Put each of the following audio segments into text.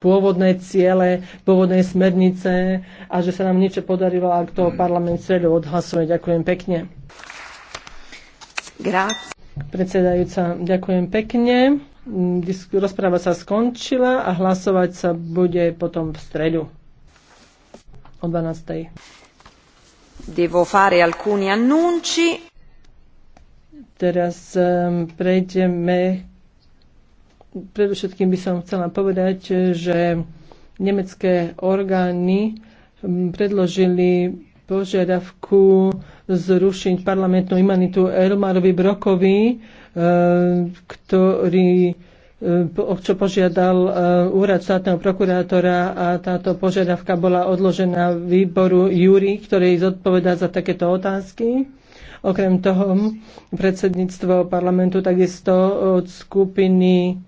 pôvodné ciele, pôvodné smernice a že sa nám niečo podarilo, ak to parlament celú odhlasuje. Ďakujem pekne. Grazie. Predsedajúca, ďakujem pekne. Rozpráva sa skončila a hlasovať sa bude potom v stredu o 12. Devo fare alcuni annunci. Teraz um, prejdeme predovšetkým by som chcela povedať, že nemecké orgány predložili požiadavku zrušiť parlamentnú imanitu Elmarovi Brokovi, e, ktorý e, čo požiadal e, úrad štátneho prokurátora a táto požiadavka bola odložená výboru Júri, ktorý zodpovedá za takéto otázky. Okrem toho predsedníctvo parlamentu takisto od skupiny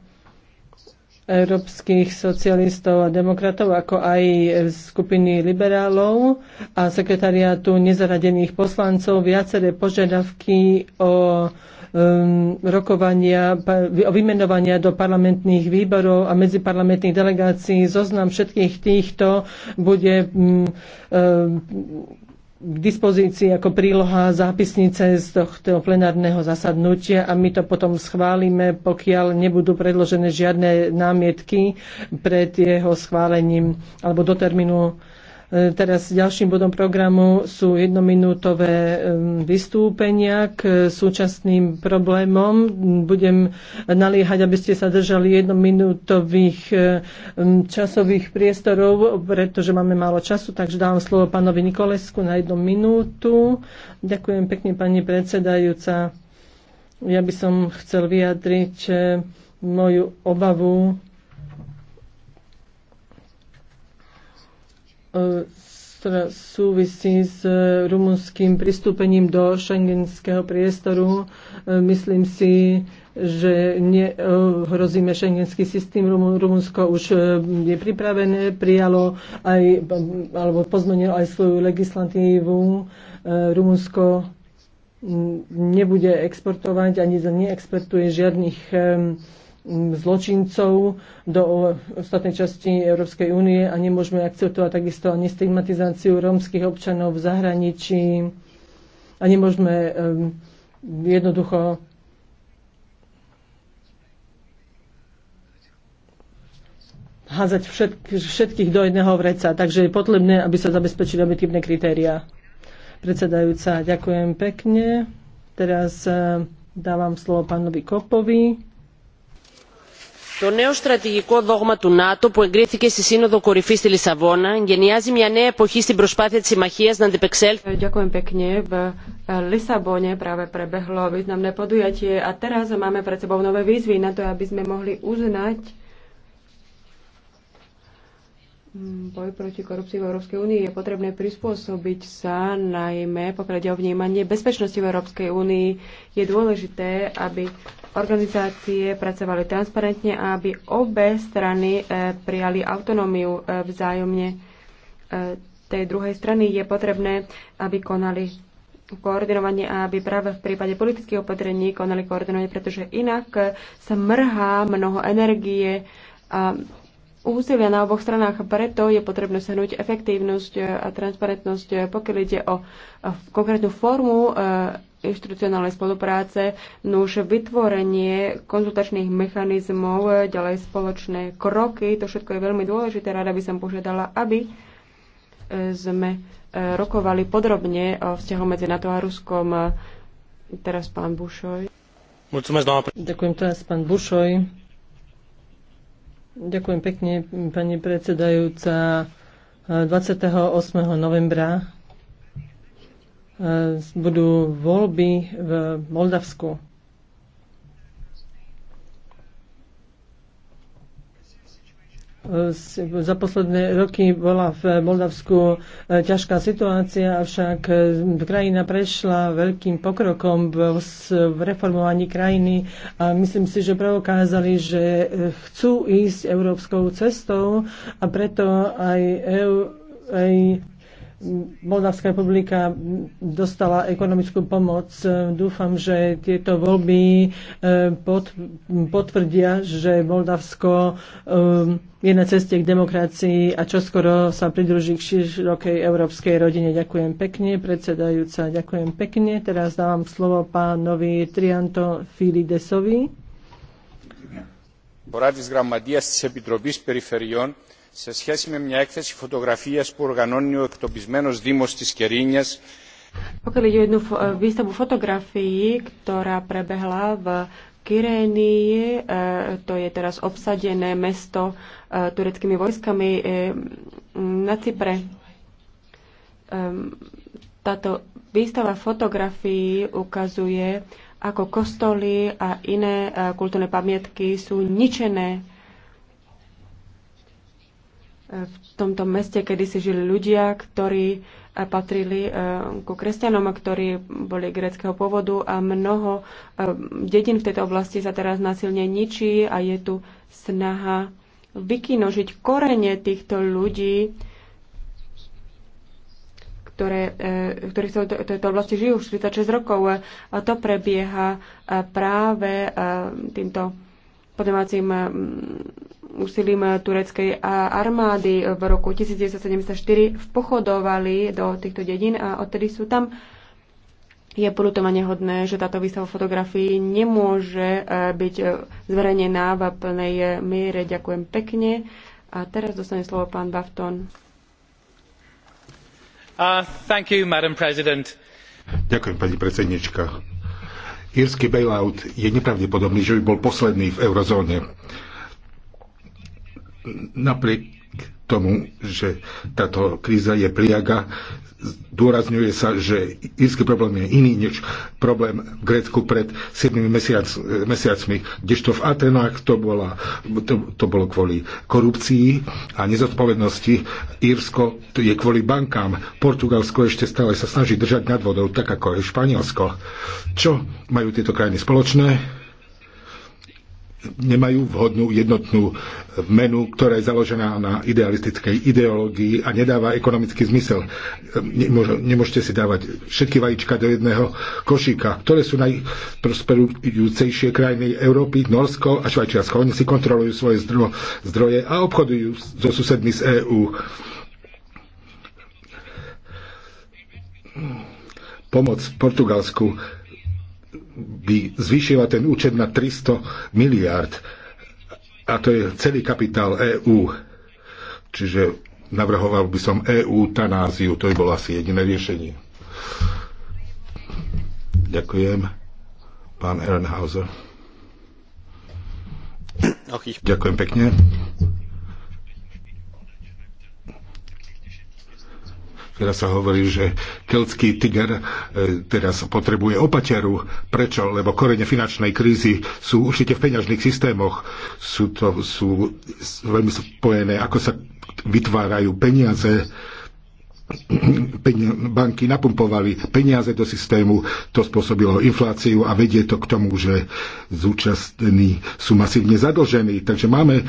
európskych socialistov a demokratov, ako aj skupiny liberálov a sekretariátu nezaradených poslancov viaceré požiadavky o um, rokovania, o vymenovania do parlamentných výborov a medziparlamentných delegácií. Zoznam všetkých týchto bude um, um, k dispozícii ako príloha zápisnice z tohto plenárneho zasadnutia a my to potom schválime, pokiaľ nebudú predložené žiadne námietky pred jeho schválením alebo do termínu E, teraz ďalším bodom programu sú jednominútové vystúpenia k súčasným problémom. Budem naliehať, aby ste sa držali jednominútových e, časových priestorov, pretože máme málo času, takže dávam slovo pánovi Nikolesku na jednu minútu. Ďakujem pekne, pani predsedajúca. Ja by som chcel vyjadriť e, moju obavu E, súvisí s rumunským pristúpením do šengenského priestoru. E, myslím si, že hrozíme šengenský systém. Rumunsko už e, je pripravené, prijalo aj, alebo pozmenilo aj svoju legislatívu. Rumunsko nebude exportovať ani neexportuje žiadnych zločincov do ostatnej časti Európskej únie a nemôžeme akceptovať takisto ani stigmatizáciu rómskych občanov v zahraničí a nemôžeme jednoducho Házať všetk, všetkých do jedného vreca. Takže je potrebné, aby sa zabezpečili objektívne kritéria. Predsedajúca, ďakujem pekne. Teraz e, dávam slovo pánovi Kopovi το νέο στρατηγικό δόγμα του νάτο που εγκρίθηκε στη σύνοδο κορυφή στη λισαβόνα γενιάζει μια νέα εποχή στην προσπάθεια τη συμμαχίας να αντεπεξέλθει. Ďakujem pekne. V Lisabone práve prebehlo významné podujatie a teraz máme pred sebou nové výzvy na to, aby sme mohli uznať Boj proti korupcii v Európskej únii je potrebné prispôsobiť sa, najmä pokiaľ ide o vnímanie bezpečnosti v Európskej únii. Je dôležité, aby organizácie pracovali transparentne a aby obe strany eh, prijali autonómiu eh, vzájomne. Eh, tej druhej strany je potrebné, aby konali koordinovanie a aby práve v prípade politických opatrení konali koordinovanie, pretože inak sa mrhá mnoho energie a úsilia na oboch stranách. Preto je potrebné sehnúť efektívnosť e, a transparentnosť, e, pokiaľ ide o e, konkrétnu formu inštitucionálnej spolupráce, nuž vytvorenie konzultačných mechanizmov, ďalej spoločné kroky, to všetko je veľmi dôležité. Rada by som požiadala, aby sme rokovali podrobne o vzťahu medzi NATO a Ruskom. Teraz pán Bušoj. Ďakujem teraz pán Bušoj. Ďakujem pekne, pani predsedajúca. 28. novembra eh, budú voľby v Moldavsku. E, za posledné roky bola v Moldavsku e, ťažká situácia, avšak e, krajina prešla veľkým pokrokom v reformovaní krajiny a myslím si, že preukázali, že chcú ísť európskou cestou a preto aj, EU, aj Moldavská republika dostala ekonomickú pomoc. Dúfam, že tieto voľby e, pod, potvrdia, že Moldavsko e, je na ceste k demokracii a čoskoro sa pridruží k širokej európskej rodine. Ďakujem pekne, predsedajúca, ďakujem pekne. Teraz dávam slovo pánovi Trianto Filidesovi. Boradis Gramadias Sebidrobis Periferion σε σχέση με μια έκθεση φωτογραφίας που οργανώνει ο εκτοπισμένος Δήμος της Κερίνιας pokiaľ ide o jednu výstavu fotografií, ktorá prebehla v Kyrénii, e, to je teraz obsadené mesto e, tureckými vojskami e, na Cypre. Táto výstava fotografií ukazuje, ako kostoly a iné kultúrne pamiatky sú ničené v tomto meste, kedy si žili ľudia, ktorí eh, patrili eh, ku kresťanom, ktorí boli greckého pôvodu a mnoho eh, dedin v tejto oblasti sa teraz násilne ničí a je tu snaha vykinožiť korene týchto ľudí, ktoré, ktorí v tejto oblasti žijú už 46 rokov. A to prebieha práve týmto domácim mm, úsilím tureckej armády v roku 1974 vpochodovali do týchto dedín a odtedy sú tam. Je polutovanie hodné, že táto výstava fotografií nemôže e, byť e, zverejnená v plnej e, miere. Ďakujem pekne. A teraz dostane slovo pán Bafton. Uh, you, Ďakujem, pani predsednička Írsky bailout je nepravdepodobný, že by bol posledný v eurozóne. Napriek tomu, že táto kríza je pliaga. Dôrazňuje sa, že írsky problém je iný než problém v Grécku pred 7 mesiac, mesiacmi, kdežto v Atenách to, bola, to, to bolo kvôli korupcii a nezodpovednosti. Írsko to je kvôli bankám. Portugalsko ešte stále sa snaží držať nad vodou, tak ako je Španielsko. Čo majú tieto krajiny spoločné? nemajú vhodnú jednotnú menu, ktorá je založená na idealistickej ideológii a nedáva ekonomický zmysel. Nemôžete si dávať všetky vajíčka do jedného košíka, ktoré sú najprosperujúcejšie krajiny Európy, Norsko a Švajčiarsko. Oni si kontrolujú svoje zdroje a obchodujú so susedmi z EÚ. Pomoc Portugalsku by zvýšila ten účet na 300 miliárd. A to je celý kapitál EÚ. Čiže navrhoval by som EÚ tanáziu. To by bolo asi jediné riešenie. Ďakujem. Pán Ehrenhauser. Ďakujem pekne. Teraz sa hovorí, že keltský tiger e, teraz potrebuje opateru. Prečo? Lebo korene finančnej krízy sú určite v peňažných systémoch. Sú to sú veľmi spojené, ako sa vytvárajú peniaze banky napumpovali peniaze do systému, to spôsobilo infláciu a vedie to k tomu, že zúčastní sú masívne zadlžení. Takže máme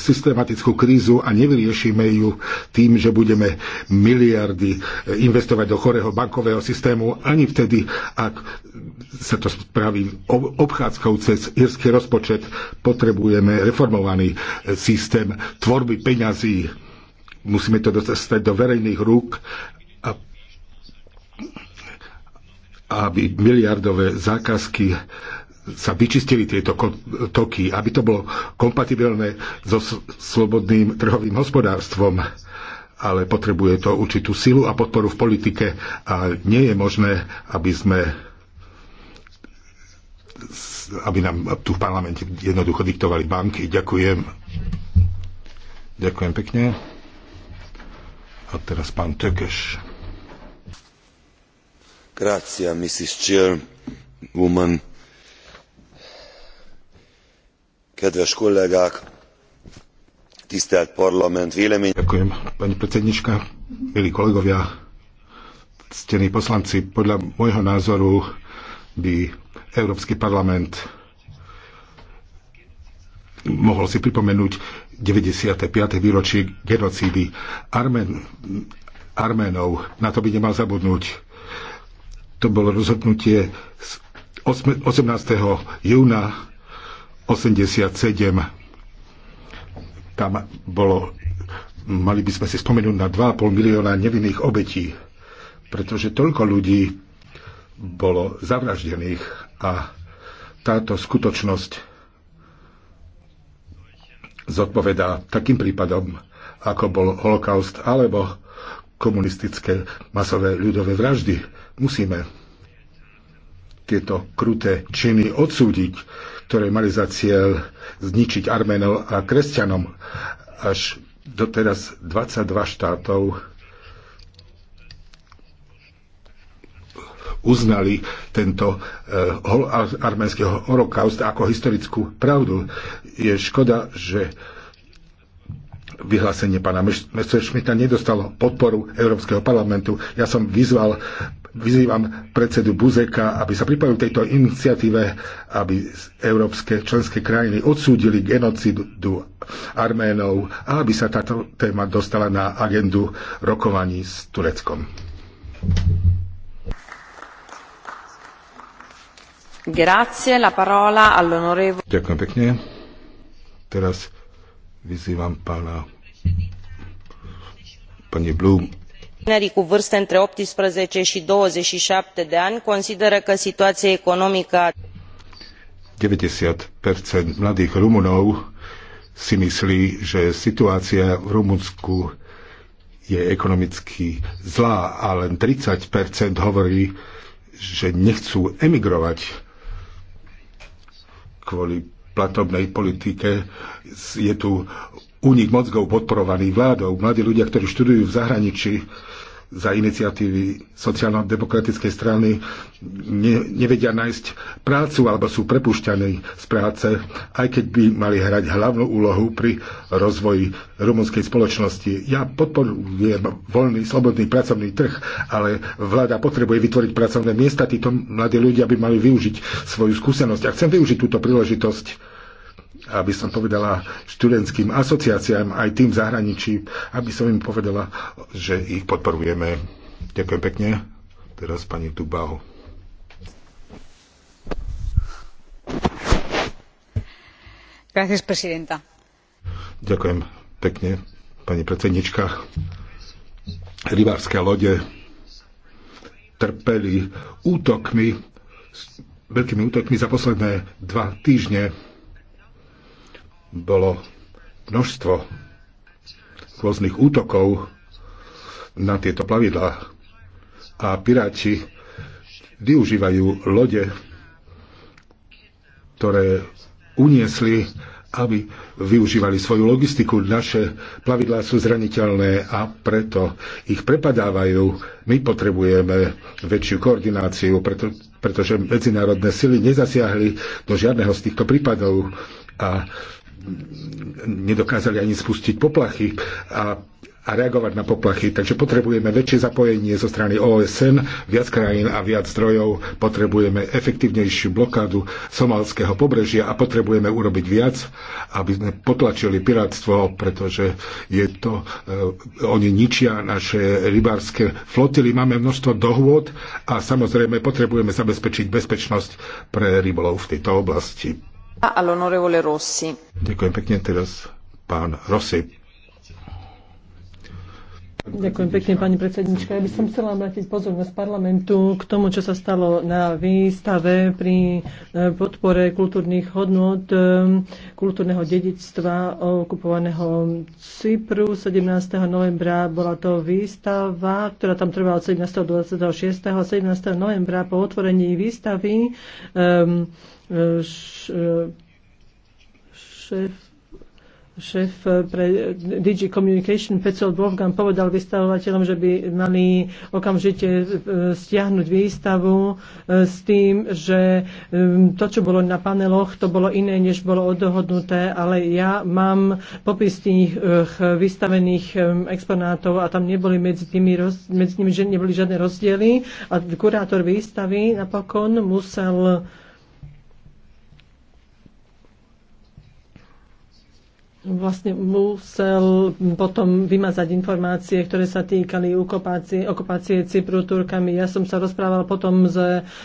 systematickú krízu a nevyriešime ju tým, že budeme miliardy eh, investovať do chorého bankového systému ani vtedy, ak sa to spraví obchádzkou cez irský rozpočet. Potrebujeme reformovaný eh, systém tvorby peňazí Musíme to dostať do verejných rúk a aby miliardové zákazky sa vyčistili tieto toky, aby to bolo kompatibilné so slobodným trhovým hospodárstvom ale potrebuje to určitú silu a podporu v politike a nie je možné, aby sme aby nám tu v parlamente jednoducho diktovali banky. Ďakujem. Ďakujem pekne. A teraz pán Tökeš. Grazie, Mrs. woman. Kedves kollégák, tisztelt parlament, vélemény... Ďakujem, pani predsednička, milí kolegovia, ctení poslanci, podľa môjho názoru by Európsky parlament mohol si pripomenúť 95. výročie genocídy Armen, Arménov. Na to by nemal zabudnúť. To bolo rozhodnutie z 18. júna 87. Tam bolo, mali by sme si spomenúť na 2,5 milióna nevinných obetí, pretože toľko ľudí bolo zavraždených a táto skutočnosť zodpovedá takým prípadom, ako bol holokaust alebo komunistické masové ľudové vraždy. Musíme tieto kruté činy odsúdiť, ktoré mali za cieľ zničiť Arménov a kresťanom. Až doteraz 22 štátov uznali tento eh, arménsky holokaust ako historickú pravdu. Je škoda, že vyhlásenie pána Messerschmitta nedostalo podporu Európskeho parlamentu. Ja som vyzval, vyzývam predsedu Buzeka, aby sa pripojil tejto iniciatíve, aby európske členské krajiny odsúdili genocidu Arménov a aby sa táto téma dostala na agendu rokovaní s Tureckom. Grazie, la parola all'onorevole. Ďakujem pekne. Teraz vyzývam pána pani Blum tinerii cu vârste între optsprezece i douăzeci și șapte de ani consideră că situaia economică a mladých Rumunov si myslí, že situácia v Rumunsku je ekonomicky zlá a len 30 hovorí, že nechcú emigrovať kvôli platobnej politike. Je tu únik mozgov podporovaný vládou. Mladí ľudia, ktorí študujú v zahraničí, za iniciatívy sociálno-demokratickej strany ne, nevedia nájsť prácu alebo sú prepušťaní z práce, aj keď by mali hrať hlavnú úlohu pri rozvoji rumunskej spoločnosti. Ja podporujem voľný, slobodný pracovný trh, ale vláda potrebuje vytvoriť pracovné miesta. Títo mladí ľudia by mali využiť svoju skúsenosť. A chcem využiť túto príležitosť aby som povedala študentským asociáciám aj tým zahraničí, aby som im povedala, že ich podporujeme. Ďakujem pekne. Teraz pani Dubau. Gracias, presidenta. Ďakujem pekne, pani predsednička. Rybárske lode trpeli útokmi, veľkými útokmi za posledné dva týždne bolo množstvo rôznych útokov na tieto plavidlá a piráti využívajú lode, ktoré uniesli, aby využívali svoju logistiku. Naše plavidlá sú zraniteľné a preto ich prepadávajú. My potrebujeme väčšiu koordináciu, preto, pretože medzinárodné sily nezasiahli do žiadneho z týchto prípadov a nedokázali ani spustiť poplachy a, a reagovať na poplachy. Takže potrebujeme väčšie zapojenie zo strany OSN, viac krajín a viac zdrojov, potrebujeme efektívnejšiu blokádu somalského pobrežia a potrebujeme urobiť viac, aby sme potlačili piráctvo, pretože je to, eh, oni ničia naše rybárske flotily. Máme množstvo dohôd a samozrejme potrebujeme zabezpečiť bezpečnosť pre rybolov v tejto oblasti. Ďakujem pekne teraz pán Rossi. Ďakujem pekne, pani predsednička. Ja by som chcela obrátiť pozornosť parlamentu k tomu, čo sa stalo na výstave pri e, podpore kultúrnych hodnot e, kultúrneho dedičstva okupovaného Cypru. 17. novembra bola to výstava, ktorá tam trvala od 17. do 26. 17. novembra po otvorení výstavy um, šéf šéf pre DG Communication Petzold Wolfgang povedal vystavovateľom, že by mali okamžite e, stiahnuť výstavu e, s tým, že e, to, čo bolo na paneloch, to bolo iné, než bolo odohodnuté, ale ja mám popis tých vystavených exponátov a tam neboli medzi, tými, medzi nimi neboli žiadne rozdiely a kurátor výstavy napokon musel vlastne musel potom vymazať informácie, ktoré sa týkali okupácie, okupácie Cypru Turkami. Ja som sa rozprával potom s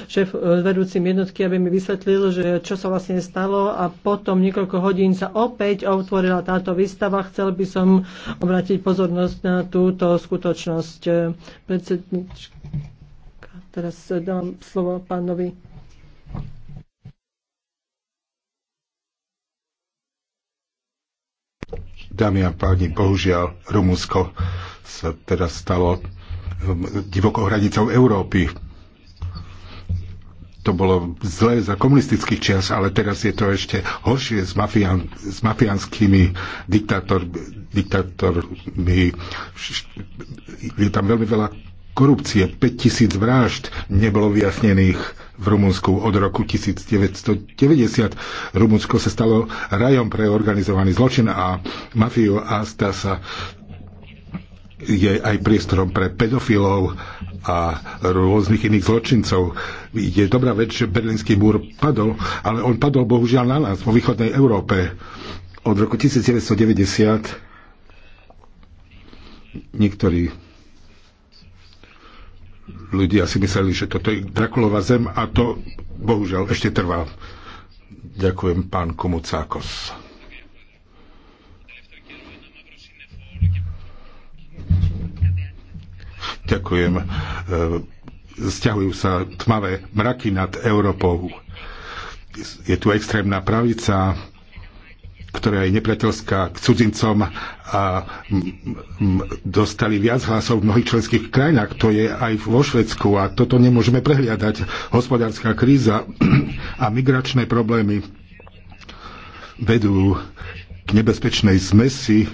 šéf e, vedúcim jednotky, aby mi vysvetlil, že čo sa vlastne stalo a potom niekoľko hodín sa opäť otvorila táto výstava. Chcel by som obrátiť pozornosť na túto skutočnosť. Predsednička, teraz dám slovo pánovi Dámy a páni, bohužiaľ, Rumunsko sa teraz stalo divokou hranicou Európy. To bolo zlé za komunistických čias, ale teraz je to ešte horšie s, mafián, s diktátormi. diktátor, Je tam veľmi veľa korupcie, 5000 vražd nebolo vyjasnených v Rumunsku od roku 1990. Rumunsko sa stalo rajom pre organizovaný zločin a mafiu a stá sa je aj priestorom pre pedofilov a rôznych iných zločincov. Je dobrá vec, že Berlínsky múr padol, ale on padol bohužiaľ na nás, vo východnej Európe. Od roku 1990 niektorí ľudia si mysleli, že toto je Drakulova zem a to bohužiaľ ešte trvá. Ďakujem pán Komucákos. Ďakujem. E, Zťahujú sa tmavé mraky nad Európou. Je tu extrémna pravica, ktorá je nepriateľská k cudzincom a dostali viac hlasov v mnohých členských krajinách. To je aj vo Švedsku a toto nemôžeme prehliadať. Hospodárska kríza a migračné problémy vedú k nebezpečnej zmesi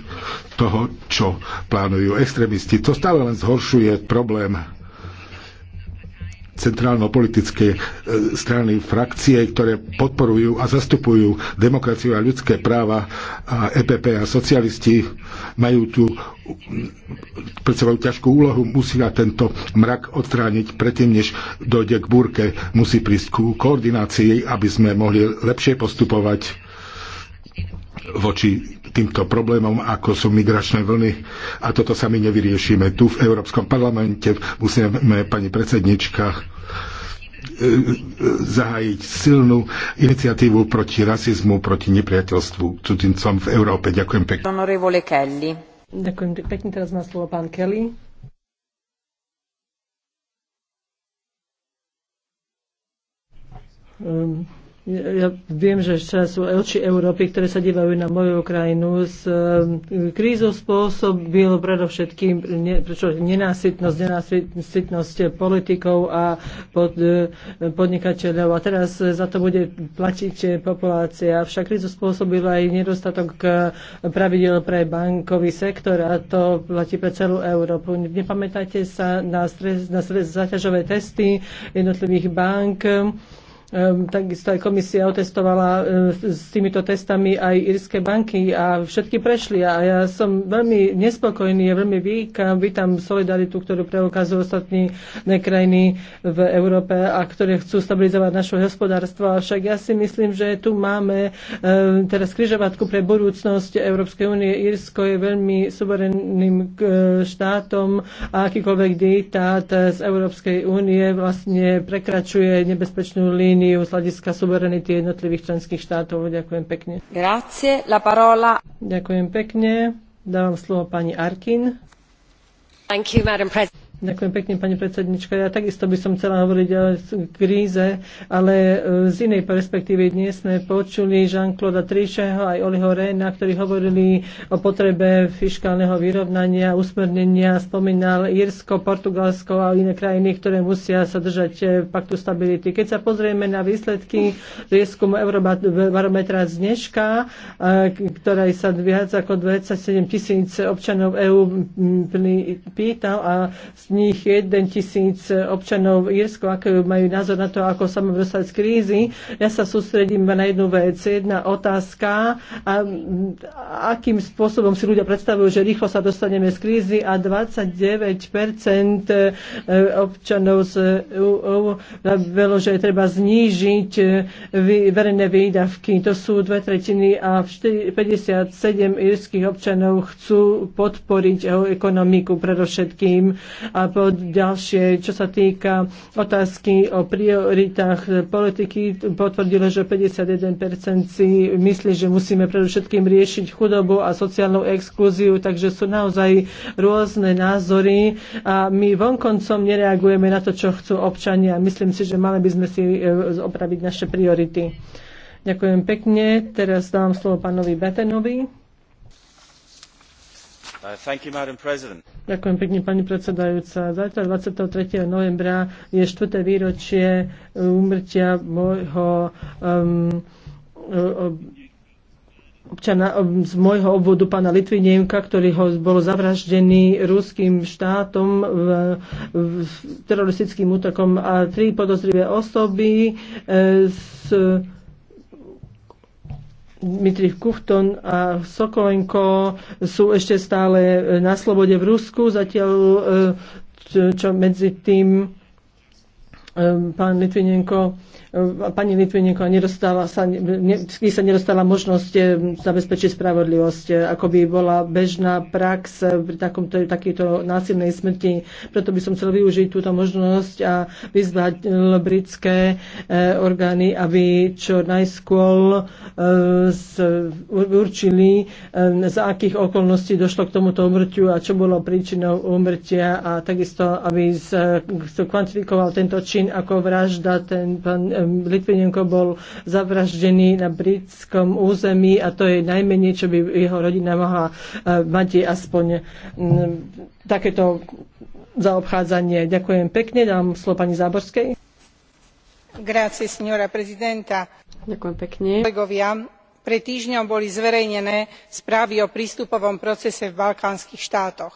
toho, čo plánujú extrémisti. To stále len zhoršuje problém centrálno-politické e, strany, frakcie, ktoré podporujú a zastupujú demokraciu a ľudské práva a EPP a socialisti majú tu pred sebou ťažkú úlohu, musia tento mrak odstrániť predtým, než dojde k búrke, musí prísť ku koordinácii, aby sme mohli lepšie postupovať voči týmto problémom, ako sú migračné vlny. A toto sa my nevyriešime. Tu v Európskom parlamente musíme, pani predsednička, e, e, zahájiť silnú iniciatívu proti rasizmu, proti nepriateľstvu cudzincom v Európe. Ďakujem pekne. Ďakujem pekne. Teraz má slovo pán Kelly. Um, ja viem, že sú oči Európy, ktoré sa dívajú na moju krajinu. S um, krízou spôsobil predovšetkým ne, prečo, nenásytnosť, nenásytnosť politikov a pod, e, podnikateľov. A teraz za to bude platiť populácia. Však krízu spôsobil aj nedostatok e, pravidel pre bankový sektor a to platí pre celú Európu. Nepamätáte sa na, stres, na stres, zaťažové testy jednotlivých bank, Takisto aj komisia otestovala s týmito testami aj írske banky a všetky prešli. A ja som veľmi nespokojný a veľmi víkam, vítam solidaritu, ktorú preukazujú ostatní krajiny v Európe a ktoré chcú stabilizovať naše hospodárstvo. Avšak ja si myslím, že tu máme teraz križovatku pre budúcnosť Európskej únie. Írsko je veľmi suverenným štátom a akýkoľvek diktát z Európskej únie vlastne prekračuje nebezpečnú líniu úniu z hľadiska suverenity jednotlivých členských štátov. Ďakujem pekne. Grazie, la parola. Ďakujem pekne. Dávam slovo pani Arkin. Thank you, Madam President. Ďakujem pekne, pani predsednička. Ja takisto by som chcela hovoriť o kríze, ale e, z inej perspektívy dnes sme počuli Jean-Claude Tricheho aj Oliho Rena, ktorí hovorili o potrebe fiskálneho vyrovnania, usmernenia. Spomínal Irsko, Portugalsko a iné krajiny, ktoré musia sa držať e, paktu stability. Keď sa pozrieme na výsledky prieskumu Eurobarometra z dneška, e, ktorá sa viac ako 27 tisíc občanov EÚ pýtal a nich 1 tisíc občanov Írsko, aké majú názor na to, ako sa máme dostať z krízy. Ja sa sústredím na jednu vec. Jedna otázka, a, akým spôsobom si ľudia predstavujú, že rýchlo sa dostaneme z krízy a 29 e, občanov z EU veľo, že treba znížiť e, verejné výdavky. To sú dve tretiny a 57 írskych občanov chcú podporiť e, ekonomiku predovšetkým. A a po ďalšie, čo sa týka otázky o prioritách politiky, potvrdilo, že 51% si myslí, že musíme predovšetkým riešiť chudobu a sociálnu exkluziu, takže sú naozaj rôzne názory a my vonkoncom nereagujeme na to, čo chcú občania. Myslím si, že mali by sme si e, opraviť naše priority. Ďakujem pekne. Teraz dám slovo pánovi Betenovi. Uh, Ďakujem pekne, pani predsedajúca. Zajtra 23. novembra je 4. výročie uh, úmrtia môjho um, uh, občana z môjho obvodu pána Litvinienka, ktorý ho bol zavraždený ruským štátom v, v teroristickým útokom a tri podozrivé osoby e, s Dmitri Kufton a Sokolenko sú ešte stále e, na slobode v Rusku, zatiaľ e, čo medzi tým e, pán Litvinenko pani Litvinenko nedostala sa, ne, sa nedostala možnosť eh, zabezpečiť spravodlivosť, eh, ako by bola bežná prax eh, pri takomto, takýto násilnej smrti. Preto by som chcel využiť túto možnosť a vyzvať britské orgány, aby čo najskôr určili, za akých okolností došlo k tomuto umrtiu a čo bolo príčinou umrtia a takisto, aby sa kvantifikoval tento čin ako vražda ten pán Ehm, Litvinenko bol zavraždený na britskom území a to je najmenej, čo by jeho rodina mohla ehm, mať aspoň ehm, takéto zaobchádzanie. Ďakujem pekne, dám slovo pani Záborskej. Grazie, signora prezidenta. Ďakujem pekne. Kolegovia, pred týždňom boli zverejnené správy o prístupovom procese v balkánskych štátoch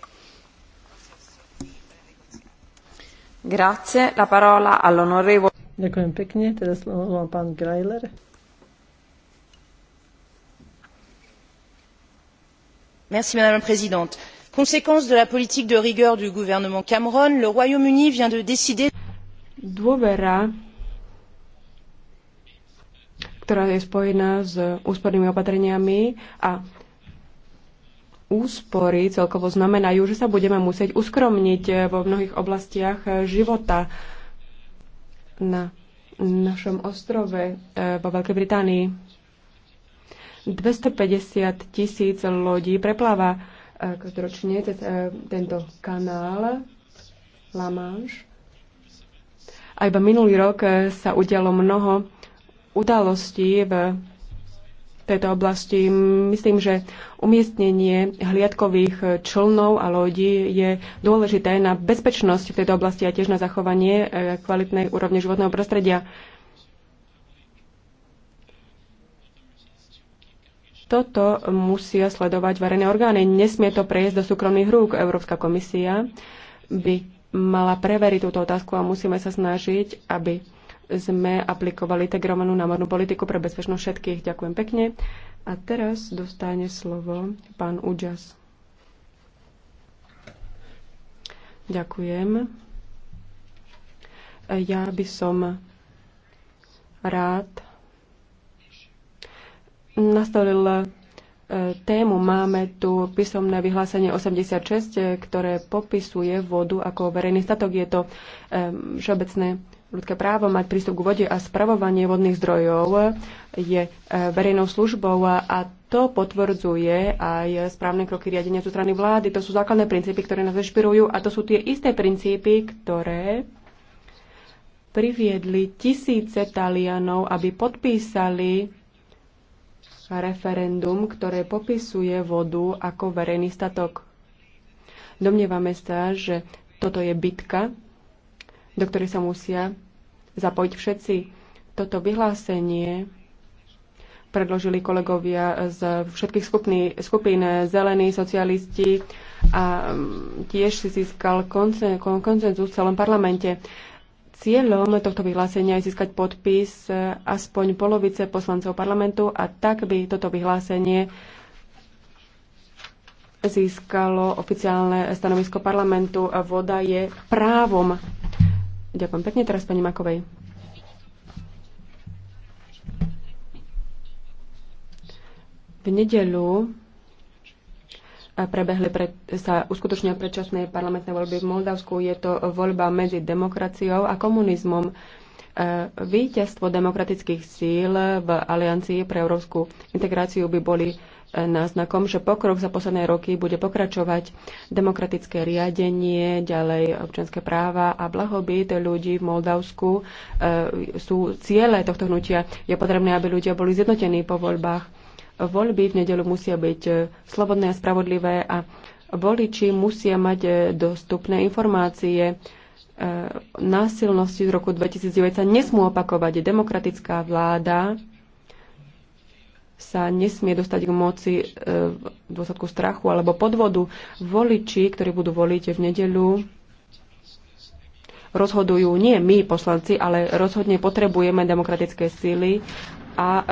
Grazie. La parola all'onorevole. Ďakujem pekne. teda slovo má pán Greiler. Merci, madame la présidente. Conséquence de la politique de rigueur du gouvernement Cameron, le Royaume-Uni vient de décider. Dôvera ktorá je spojená s úspornými opatreniami a úspory celkovo znamenajú, že sa budeme musieť uskromniť eh, vo mnohých oblastiach eh, života na našom ostrove eh, vo Veľkej Británii. 250 tisíc lodí prepláva každoročne tento kanál La Manche. A iba minulý rok sa udialo mnoho udalostí v tejto oblasti. Myslím, že umiestnenie hliadkových člnov a lodí je dôležité na bezpečnosť v tejto oblasti a tiež na zachovanie e, kvalitnej úrovne životného prostredia. Toto musia sledovať verejné orgány. Nesmie to prejsť do súkromných rúk. Európska komisia by mala preveriť túto otázku a musíme sa snažiť, aby sme aplikovali integrovanú námornú politiku pre bezpečnosť všetkých. Ďakujem pekne. A teraz dostane slovo pán Uďas. Ďakujem. Ja by som rád nastavil e, tému. Máme tu písomné vyhlásenie 86, ktoré popisuje vodu ako verejný statok. Je to e, všeobecné ľudské právo mať prístup k vode a spravovanie vodných zdrojov je e, verejnou službou a to potvrdzuje aj správne kroky riadenia zo strany vlády. To sú základné princípy, ktoré nás inšpirujú a to sú tie isté princípy, ktoré priviedli tisíce Talianov, aby podpísali referendum, ktoré popisuje vodu ako verejný statok. Domnievame sa, že toto je bitka, do ktorých sa musia zapojiť všetci. Toto vyhlásenie predložili kolegovia z všetkých skupín, skupín zelení, socialisti a mm, tiež si získal koncenzus v celom parlamente. Cieľom tohto vyhlásenia je získať podpis e, aspoň polovice poslancov parlamentu a tak by toto vyhlásenie získalo oficiálne stanovisko parlamentu. Voda je právom Ďakujem pekne. Teraz pani Makovej. V nedelu eh, prebehli pred, sa uskutočnia predčasné parlamentné voľby v Moldavsku. Je to voľba medzi demokraciou a komunizmom. Eh, Výťazstvo demokratických síl v Aliancii pre európsku integráciu by boli náznakom, že pokrok za posledné roky bude pokračovať demokratické riadenie, ďalej občanské práva a blahobyt ľudí v Moldavsku e, sú ciele tohto hnutia. Je potrebné, aby ľudia boli zjednotení po voľbách. Voľby v nedelu musia byť e, slobodné a spravodlivé a voliči musia mať e, dostupné informácie. Násilnosti z roku 2009 sa nesmú opakovať. Demokratická vláda sa nesmie dostať k moci e, v dôsledku strachu alebo podvodu. Voliči, ktorí budú voliť v nedeľu, rozhodujú nie my, poslanci, ale rozhodne potrebujeme demokratické síly a e,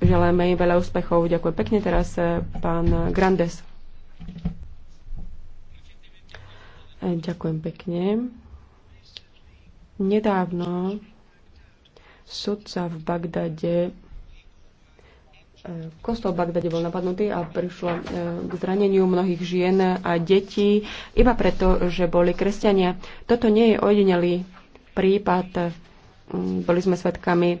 želáme im veľa úspechov. Ďakujem pekne teraz e, pán Grandes. Ďakujem pekne. Nedávno sudca v Bagdade E, kostol Bagdade bol napadnutý a prišlo e, k zraneniu mnohých žien a detí iba preto, že boli kresťania. Toto nie je ojedinelý prípad. Mm, boli sme svedkami e,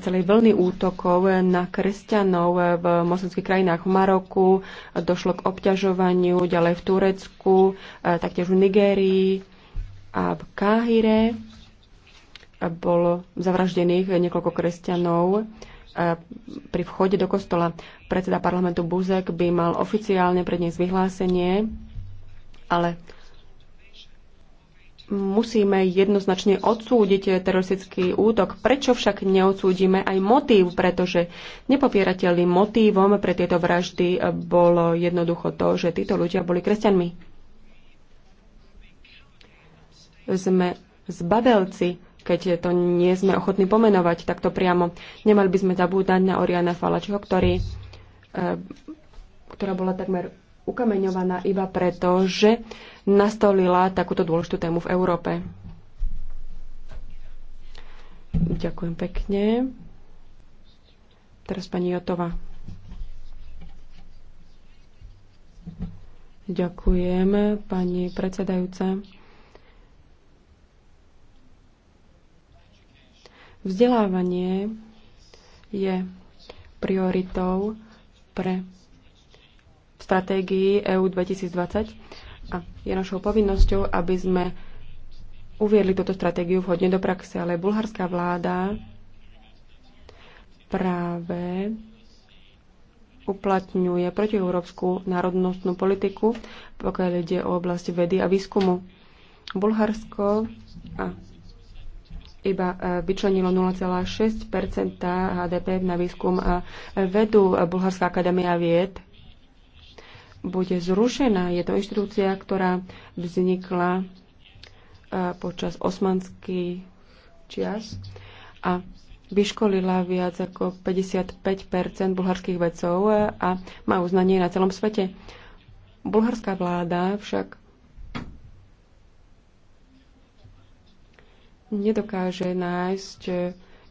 celej vlny útokov na kresťanov v moslimských krajinách v Maroku. Došlo k obťažovaniu ďalej v Turecku, taktiež v Nigérii a v Káhire bolo zavraždených niekoľko kresťanov E, pri vchode do kostola. Predseda parlamentu Buzek by mal oficiálne predniesť vyhlásenie, ale musíme jednoznačne odsúdiť teroristický útok. Prečo však neodsúdime aj motív? Pretože nepopierateľným motívom pre tieto vraždy bolo jednoducho to, že títo ľudia boli kresťanmi. Sme zbabelci keď to nie sme ochotní pomenovať takto priamo. Nemali by sme zabúdať na Oriana Falačho, ktorý, e, ktorá bola takmer ukameňovaná iba preto, že nastolila takúto dôležitú tému v Európe. Ďakujem pekne. Teraz pani Jotová. Ďakujem, pani predsedajúca. Vzdelávanie je prioritou pre stratégii EU 2020 a je našou povinnosťou, aby sme uviedli túto stratégiu vhodne do praxe, ale bulharská vláda práve uplatňuje protieurópsku národnostnú politiku, pokiaľ ide o oblasti vedy a výskumu. Bulharsko a iba e, vyčlenilo 0,6 HDP na výskum e, vedu. Bulharská akadémia vied bude zrušená. Je to inštitúcia, ktorá vznikla e, počas osmanských čias a vyškolila viac ako 55 bulharských vedcov a má uznanie na celom svete. Bulharská vláda však nedokáže nájsť e,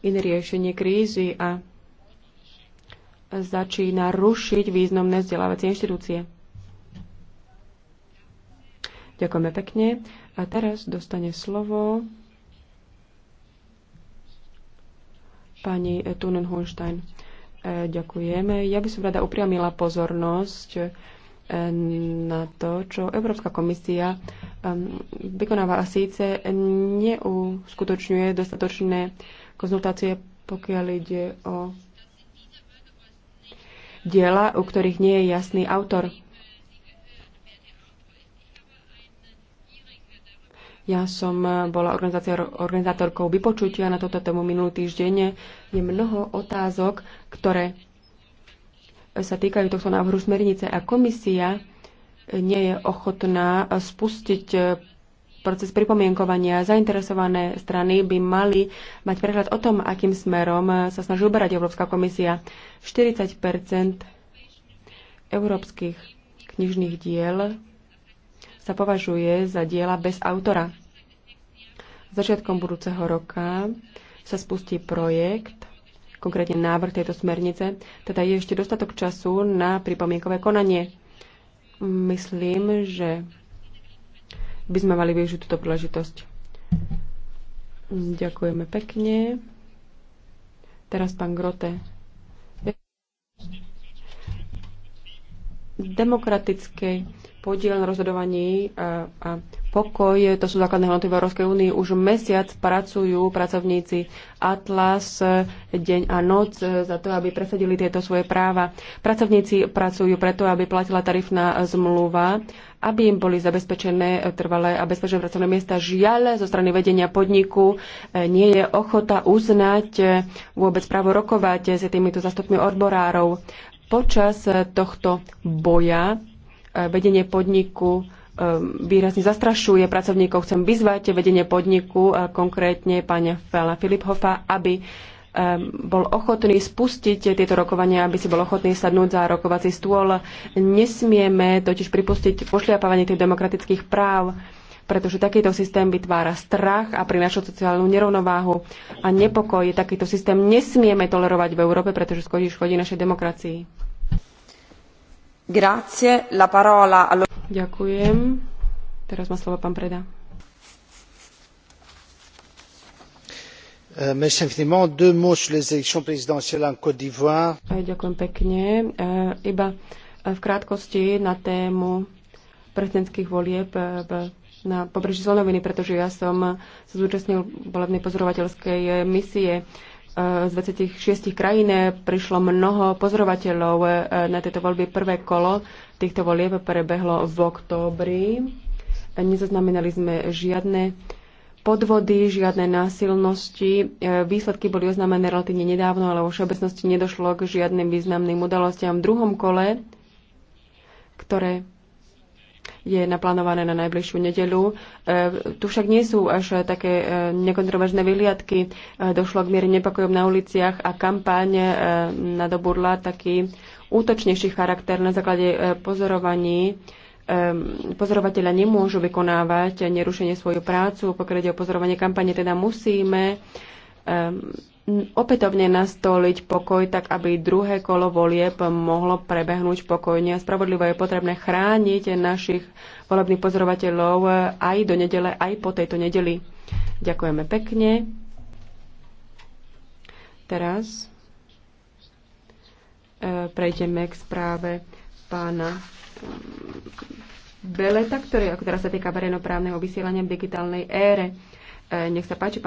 iné riešenie krízy a začína rušiť významné vzdelávacie inštitúcie. Ďakujeme pekne. A teraz dostane slovo pani Tunen Hunstein. E, Ďakujeme. Ja by som rada upriamila pozornosť na to, čo Európska komisia um, vykonáva a síce neuskutočňuje dostatočné konzultácie, pokiaľ ide o diela, u ktorých nie je jasný autor. Ja som bola organizátorkou vypočutia na toto tému minulý týždeň. Je mnoho otázok, ktoré sa týkajú tohto návrhu smernice a komisia nie je ochotná spustiť proces pripomienkovania. Zainteresované strany by mali mať prehľad o tom, akým smerom sa snaží uberať Európska komisia. 40 európskych knižných diel sa považuje za diela bez autora. Začiatkom budúceho roka sa spustí projekt konkrétne návrh tejto smernice, teda je ešte dostatok času na pripomienkové konanie. Myslím, že by sme mali využiť túto príležitosť. Ďakujeme pekne. Teraz pán Grote. Demokratickej podiel na rozhodovaní a, e, a pokoj, e, to sú základné hodnoty v Európskej únii, už mesiac pracujú pracovníci Atlas e, deň a noc za to, aby presadili tieto svoje práva. Pracovníci pracujú preto, aby platila tarifná zmluva, aby im boli zabezpečené trvalé a bezpečné pracovné miesta. Žiaľ, zo strany vedenia podniku nie je ochota uznať vôbec právo rokovať s týmito zastupmi odborárov. Počas tohto boja vedenie podniku ehm, výrazne zastrašuje pracovníkov. Chcem vyzvať vedenie podniku, konkrétne pána Fela Filiphofa, aby ehm, bol ochotný spustiť tieto rokovania, aby si bol ochotný sadnúť za rokovací stôl. Nesmieme totiž pripustiť pošliapávanie tých demokratických práv, pretože takýto systém vytvára strach a prináša sociálnu nerovnováhu a nepokoj. Takýto systém nesmieme tolerovať v Európe, pretože skôr škodí našej demokracii. Grazie, la parola... Ďakujem. Teraz má slovo pán Preda. Euh, ďakujem pekne. Euh, iba euh, v krátkosti na tému prezidentských volieb na pobreží Slonoviny, pretože ja som sa zúčastnil volebnej pozorovateľskej eh, misie z 26 krajín eh, prišlo mnoho pozorovateľov eh, na tieto voľby. Prvé kolo týchto volieb prebehlo v októbri. Nezaznamenali sme žiadne podvody, žiadne násilnosti. Eh, výsledky boli oznámené relatívne nedávno, ale vo všeobecnosti nedošlo k žiadnym významným udalostiam v druhom kole, ktoré je naplánované na najbližšiu nedelu. E, tu však nie sú až také e, nekontroverzné vyhliadky. E, došlo k miere nepokojom na uliciach a kampáň nadobudla taký útočnejší charakter na základe pozorovaní pozorovateľa nemôžu vykonávať nerušenie svoju prácu, pokiaľ ide o pozorovanie kampane, teda musíme opätovne nastoliť pokoj, tak aby druhé kolo volieb mohlo prebehnúť pokojne. Spravodlivo je potrebné chrániť našich volebných pozorovateľov aj do nedele, aj po tejto nedeli. Ďakujeme pekne. Teraz e, prejdeme k správe pána mm, Beleta, ktorý ktorá sa týka verejnoprávneho vysielania v digitálnej ére. E, nech sa páči,